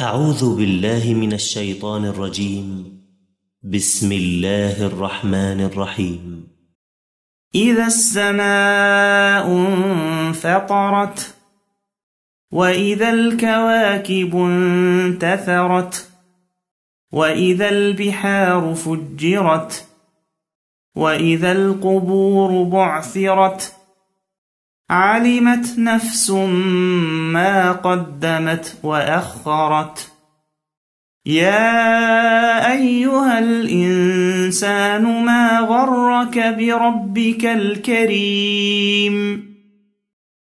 أعوذ بالله من الشيطان الرجيم بسم الله الرحمن الرحيم إذا السماء انفطرت وإذا الكواكب انتثرت وإذا البحار فجرت وإذا القبور بعثرت علمت نفس ما قدمت وأخرت يا أيها الإنسان ما غرك بربك الكريم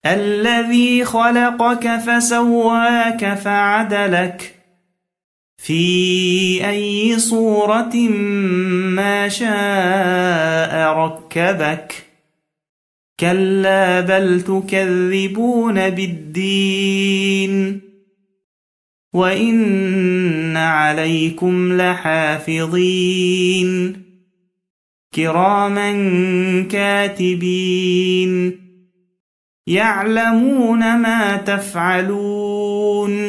الذي خلقك فسواك فعدلك في أي صورة ما شاء ركبك كلا بل تكذبون بالدين وإن عليكم لحافظين كراما كاتبين يعلمون ما تفعلون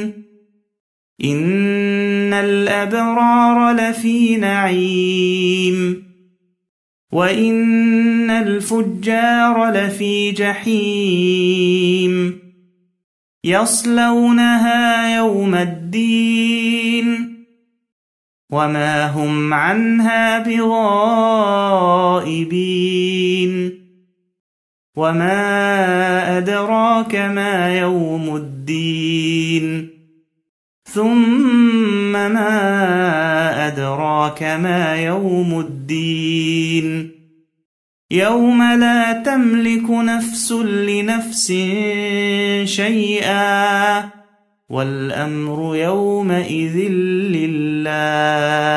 إن الأبرار لفي نعيم وإن الفجار لفي جحيم يصلونها يوم الدين وما هم عنها بغائبين وما أدراك ما يوم الدين ثم ما أدراك ما يوم الدين يوم لا تملك نفس لنفس شيئا والأمر يومئذ لله